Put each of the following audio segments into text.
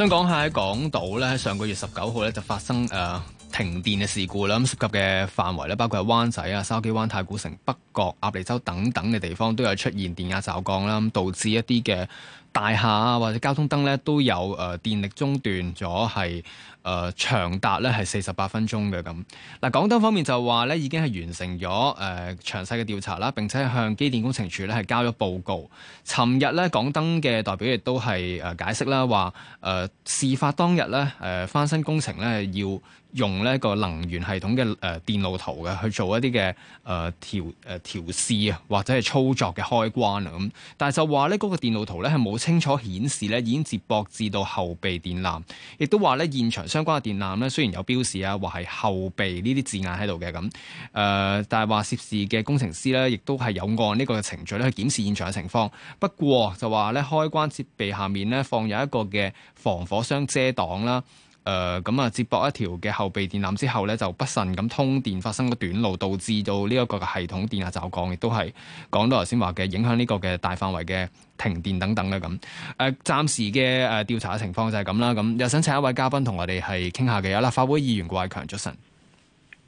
想講下喺港島咧，上個月十九號咧就發生誒、呃停電嘅事故啦，咁涉及嘅範圍咧，包括係灣仔啊、筲箕灣、太古城、北角、鴨脷洲等等嘅地方都有出現電壓驟降啦，咁導致一啲嘅大廈啊或者交通燈咧都有誒電力中斷咗，係誒長達咧係四十八分鐘嘅咁嗱。港燈方面就話咧已經係完成咗誒詳細嘅調查啦，並且向機電工程署咧係交咗報告。尋日咧，港燈嘅代表亦都係誒解釋啦，話誒、呃、事發當日咧誒翻新工程咧要。用呢個能源系統嘅誒電路圖嘅去做一啲嘅誒調誒調試啊，或者係操作嘅開關啊咁。但係就話呢嗰、嗰個電路圖呢，係冇清楚顯示咧已經接駁至到後備電纜，亦都話呢現場相關嘅電纜呢，雖然有標示啊或係後備呢啲字眼喺度嘅咁。誒、呃，但係話涉事嘅工程師呢，亦都係有按呢個程序咧去檢視現場嘅情況。不過就話呢，開關設備下面呢，放有一個嘅防火箱遮擋啦。誒咁啊！接駁一條嘅後備電纜之後咧，就不慎咁通電，發生咗短路，導致到呢一個嘅系統電壓驟降，亦都係講到頭先話嘅影響呢個嘅大範圍嘅停電等等咧咁。誒、呃，暫時嘅誒、呃、調查嘅情況就係咁啦。咁、嗯、又想請一位嘉賓同我哋係傾下嘅，有立法會議員郭偉強早晨。Justin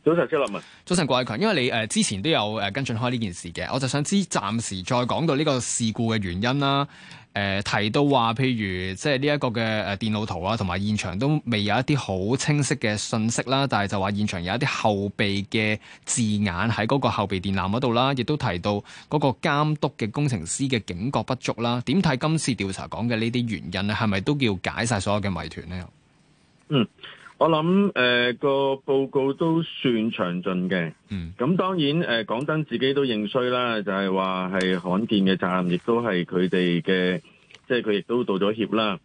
早晨，謝立文。早晨，郭偉強。因為你誒、呃、之前都有誒跟進開呢件事嘅，我就想知暫時再講到呢個事故嘅原因啦。誒、呃、提到話，譬如即係呢一個嘅誒電腦圖啊，同埋現場都未有一啲好清晰嘅信息啦。但係就話現場有一啲後備嘅字眼喺嗰個後備電纜嗰度啦，亦都提到嗰個監督嘅工程師嘅警覺不足啦。點睇今次調查講嘅呢啲原因咧，係咪都叫解晒所有嘅謎團呢？嗯。我諗誒、呃、個報告都算詳盡嘅，咁、嗯、當然誒講真自己都認衰啦，就係話係罕見嘅責任，亦都係佢哋嘅，即係佢亦都道咗歉啦。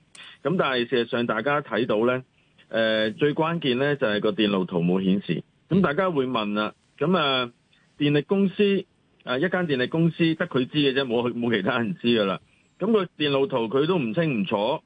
咁但係事實上大家睇到咧，誒、呃、最關鍵咧就係、啊啊個電路圖冇顯示。咁大家會問啦，咁啊電力公司誒一間電力公司得佢知嘅啫，冇冇其他人知噶啦。咁個電路圖佢都唔清唔楚。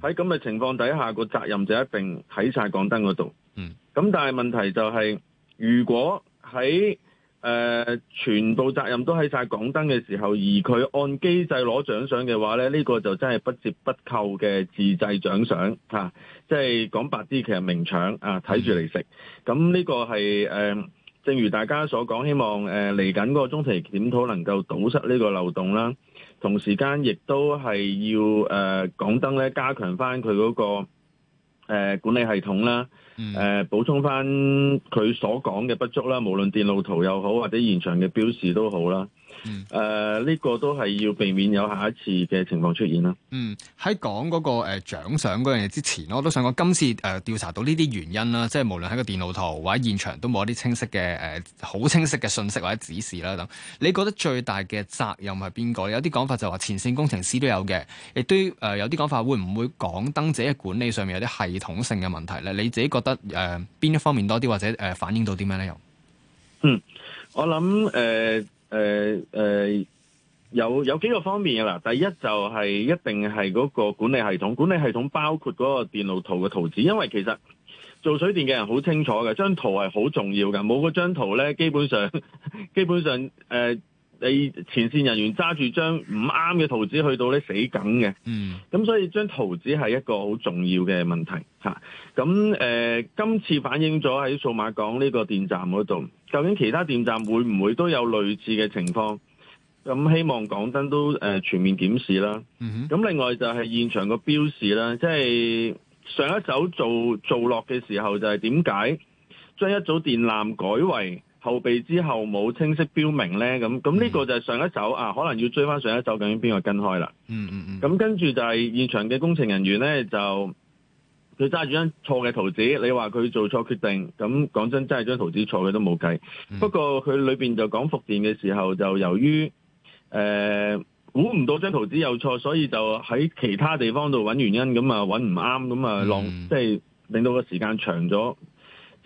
喺咁嘅情況底下，個責任就一定喺晒港燈嗰度。嗯，咁但係問題就係、是，如果喺誒、呃、全部責任都喺晒港燈嘅時候，而佢按機制攞獎賞嘅話咧，呢、這個就真係不折不扣嘅自製獎賞，即係、啊就是、講白啲，其實明搶啊，睇住嚟食。咁、嗯、呢個係誒、呃，正如大家所講，希望誒嚟緊嗰個中期檢討能夠堵塞呢個漏洞啦。同時間亦都係要誒港、呃、燈咧加強翻佢嗰個、呃、管理系統啦，誒、呃、補充翻佢所講嘅不足啦，無論電路圖又好或者現場嘅標示都好啦。嗯，誒、呃，呢、這個都係要避免有下一次嘅情況出現啦。嗯，喺講嗰個誒獎賞嗰樣嘢之前，我都想講今次誒調、呃、查到呢啲原因啦，即係無論喺個電腦圖或者現場都冇一啲清晰嘅誒好清晰嘅信息，或者指示啦。噉你覺得最大嘅責任係邊個？有啲講法就話前綫工程師都有嘅，亦都誒有啲講法會唔會講港燈自己嘅管理上面有啲系統性嘅問題咧？你自己覺得誒邊、呃、一方面多啲或者誒、呃、反映到啲咩咧？又嗯，我諗誒。呃誒、呃、誒、呃，有有幾個方面嘅啦。第一就係一定係嗰個管理系統，管理系統包括嗰個電路圖嘅圖紙。因為其實做水電嘅人好清楚嘅，張圖係好重要嘅。冇嗰張圖咧，基本上基本上誒。呃你前線人員揸住張唔啱嘅圖紙去到呢，死梗嘅，咁、嗯、所以張圖紙係一個好重要嘅問題嚇。咁、啊、誒、呃，今次反映咗喺數碼港呢個電站嗰度，究竟其他電站會唔會都有類似嘅情況？咁希望港燈都、呃、全面檢視啦。咁、嗯、另外就係現場個標示啦，即、就、係、是、上一手做做落嘅時候，就係點解將一組電纜改為後備之後冇清晰標明咧，咁咁呢個就係上一手啊，可能要追翻上一手，究竟邊個跟開啦？嗯嗯嗯。咁跟住就係現場嘅工程人員咧，就佢揸住張錯嘅圖紙，你話佢做錯決定，咁講真真係張圖紙錯，嘅都冇計。不過佢裏面就講復電嘅時候，就由於誒估唔到張圖紙有錯，所以就喺其他地方度揾原因，咁啊揾唔啱，咁啊浪，即係令到個時間長咗。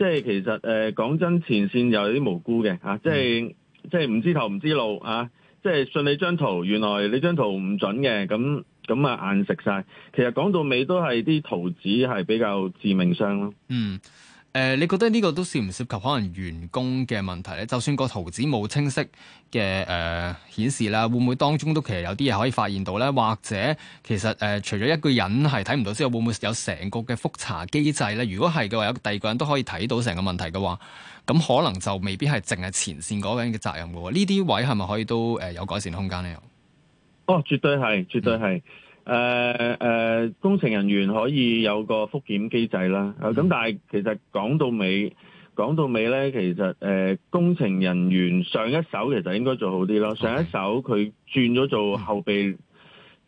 即係其實誒講真，前線又有啲無辜嘅嚇，即係即係唔知頭唔知路啊！即係、啊、信你張圖，原來你張圖唔準嘅，咁咁啊硬食晒。其實講到尾都係啲圖紙係比較致命傷咯。嗯。誒、呃，你覺得呢個都涉唔涉及可能員工嘅問題咧？就算個圖紙冇清晰嘅誒顯示啦，會唔會當中都其實有啲嘢可以發現到咧？或者其實誒、呃，除咗一個人係睇唔到之外，會唔會有成個嘅覆查機制咧？如果係嘅話，有第二個人都可以睇到成個問題嘅話，咁可能就未必係淨係前綫嗰個人嘅責任喎。呢啲位係咪可以都誒有改善空間咧？哦，絕對係，絕對係。嗯誒、呃、誒、呃、工程人員可以有個復檢機制啦，咁、mm -hmm. 但係其實講到尾，講到尾呢，其實誒、呃、工程人員上一手其實應該做好啲咯，okay. 上一手佢轉咗做後備。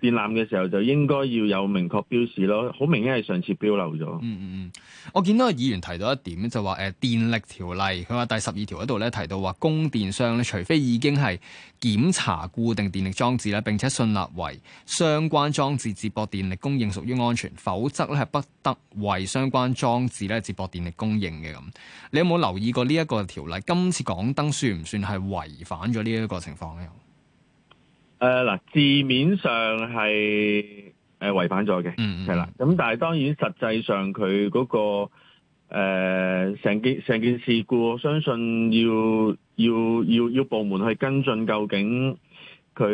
電纜嘅時候就應該要有明確標示咯，好明顯係上次標漏咗。嗯嗯嗯，我見到個議員提到一點就話，誒電力條例佢話第十二條嗰度咧提到話供電商咧，除非已經係檢查固定電力裝置咧，並且信納為相關裝置接駁電力供應屬於安全，否則咧係不得為相關裝置咧接駁電力供應嘅咁。你有冇留意過呢一個條例？今次港燈算唔算係違反咗呢一個情況咧？誒、呃、嗱，字面上係誒、呃、違反咗嘅，係、mm、啦 -hmm.。咁但係當然實際上、那個，實際上佢嗰個誒成件成件事故，我相信要要要要部門去跟進究竟。佢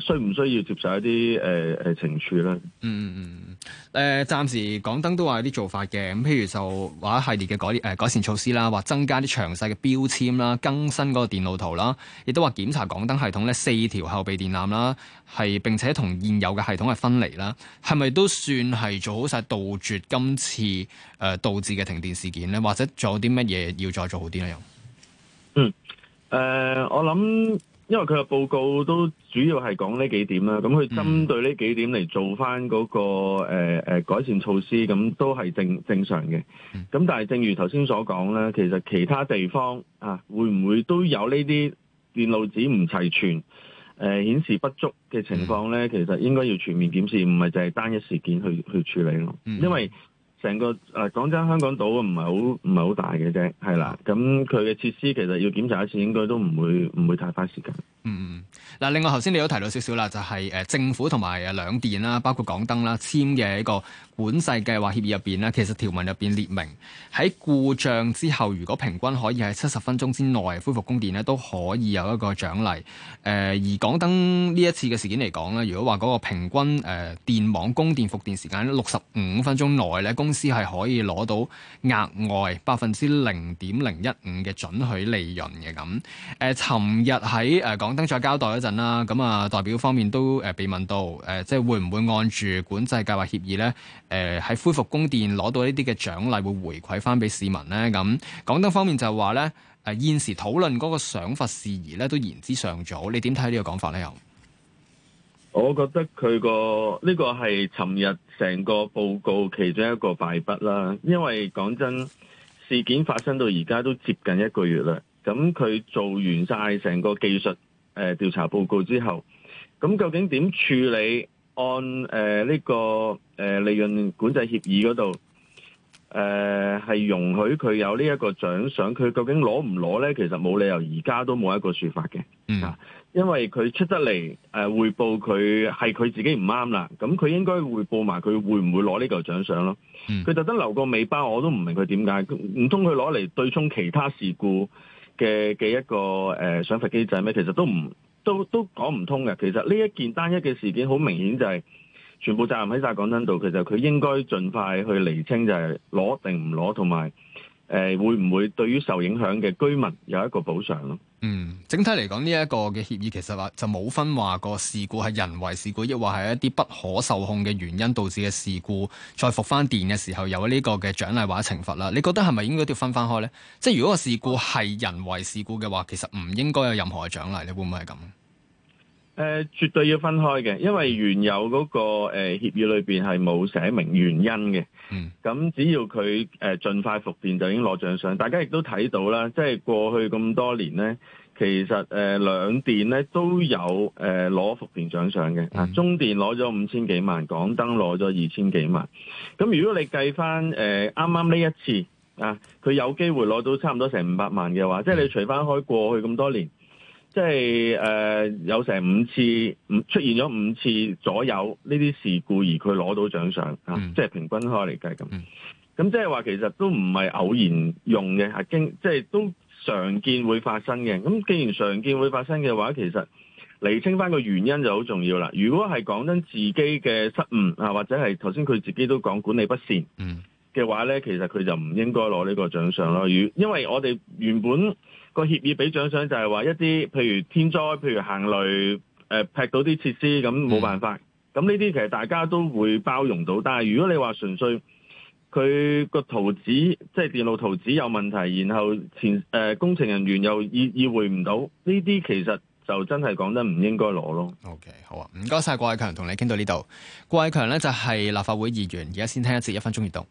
需唔需要接受一啲誒誒懲處咧？嗯嗯嗯誒，暫、呃、時港燈都話有啲做法嘅咁，譬如就話一系列嘅改誒、呃、改善措施啦，或者增加啲詳細嘅標籤啦，更新嗰個電路圖啦，亦都話檢查港燈系統咧四條後備電纜啦，係並且同現有嘅系統係分離啦，係咪都算係做好晒，杜絕今次誒、呃、導致嘅停電事件咧？或者做啲乜嘢要再做好啲咧？又嗯誒、呃，我諗。因為佢嘅報告都主要係講呢幾點啦，咁佢針對呢幾點嚟做翻、那、嗰個誒誒、呃、改善措施，咁都係正正常嘅。咁但係正如頭先所講咧，其實其他地方啊，會唔會都有呢啲電路紙唔齊全、誒、呃、顯示不足嘅情況咧、嗯？其實應該要全面檢視，唔係淨係單一事件去去處理咯、嗯。因為成個誒，講真香港島唔係好唔係好大嘅啫，係啦，咁佢嘅設施其實要檢查一次，應該都唔會唔會太花時間。嗯。嗱，另外頭先你都提到少少啦，就係、是、誒政府同埋兩電啦，包括港燈啦簽嘅一個管制計劃協議入邊咧，其實條文入邊列明喺故障之後，如果平均可以喺七十分鐘之內恢復供電咧，都可以有一個獎勵。誒、呃、而港燈呢一次嘅事件嚟講咧，如果話嗰個平均誒、呃、電網供電復電時間六十五分鐘內咧，公司係可以攞到額外百分之零點零一五嘅準許利潤嘅咁。誒、呃，尋日喺誒港燈再交代。陣啦，咁啊，代表方面都誒被問到，誒、呃，即係會唔會按住管制計劃協議咧？誒、呃，喺恢復供電攞到呢啲嘅獎勵，會回饋翻俾市民咧？咁，港燈方面就話咧，誒、呃，現時討論嗰個想法事宜咧，都言之尚早。你點睇呢個講法咧？又，我覺得佢個呢個係尋日成個報告其中一個敗筆啦，因為講真，事件發生到而家都接近一個月啦，咁佢做完晒成個技術。誒調查報告之後，咁究竟點處理？按誒呢、呃這個誒、呃、利潤管制協議嗰度，誒、呃、係容許佢有呢一個獎賞，佢究竟攞唔攞呢？其實冇理由而家都冇一個說法嘅、嗯。因為佢出得嚟誒匯報佢係佢自己唔啱啦，咁佢應該匯報埋佢會唔會攞呢嚿獎賞咯。佢特登留個尾巴，我都唔明佢點解。唔通佢攞嚟對沖其他事故？嘅嘅一個誒賞罰機制咩？其實都唔都都講唔通嘅。其實呢一件單一嘅事件，好明顯就係、是、全部責任喺晒港生度。其實佢應該盡快去釐清就，就係攞定唔攞，同埋誒會唔會對於受影響嘅居民有一個補償咯。嗯，整體嚟講呢一個嘅協議其實話就冇分話個事故係人為事故，抑或係一啲不可受控嘅原因導致嘅事故，再復翻電嘅時候有呢個嘅獎勵或者懲罰啦。你覺得係咪應該都要分翻開呢？即係如果個事故係人為事故嘅話，其實唔應該有任何嘅獎勵，你會唔會係咁？誒、呃、絕對要分開嘅，因為原有嗰、那個誒、呃、協議裏面係冇寫明原因嘅。嗯。咁只要佢誒、呃、盡快復電就已經攞獎賞，大家亦都睇到啦。即、就、係、是、過去咁多年咧，其實誒、呃、兩電咧都有誒攞、呃、復電獎賞嘅、嗯。啊，中電攞咗五千幾萬，港燈攞咗二千幾萬。咁如果你計翻誒啱啱呢一次啊，佢有機會攞到差唔多成五百萬嘅話，嗯、即係你除翻開過去咁多年。即係誒、呃，有成五次，出現咗五次左右呢啲事故，而佢攞到獎賞、嗯、啊！即係平均開嚟計咁。咁、嗯、即係話其實都唔係偶然用嘅、啊，即係都常見會發生嘅。咁既然常見會發生嘅話，其實釐清返個原因就好重要啦。如果係講緊自己嘅失誤啊，或者係頭先佢自己都講管理不善嘅話咧、嗯，其實佢就唔應該攞呢個獎賞咯。因為我哋原本個協議俾獎賞就係話一啲，譬如天災，譬如行雷，誒、呃、劈到啲設施，咁冇辦法。咁呢啲其實大家都會包容到。但係如果你話純粹佢個圖紙，即係電路圖紙有問題，然後前誒、呃、工程人員又意意會唔到，呢啲其實就真係講得唔應該攞咯。OK，好啊，唔該晒。郭偉強，同你傾到呢度。郭偉強咧就係、是、立法會議員，而家先聽一次一分鐘閱讀。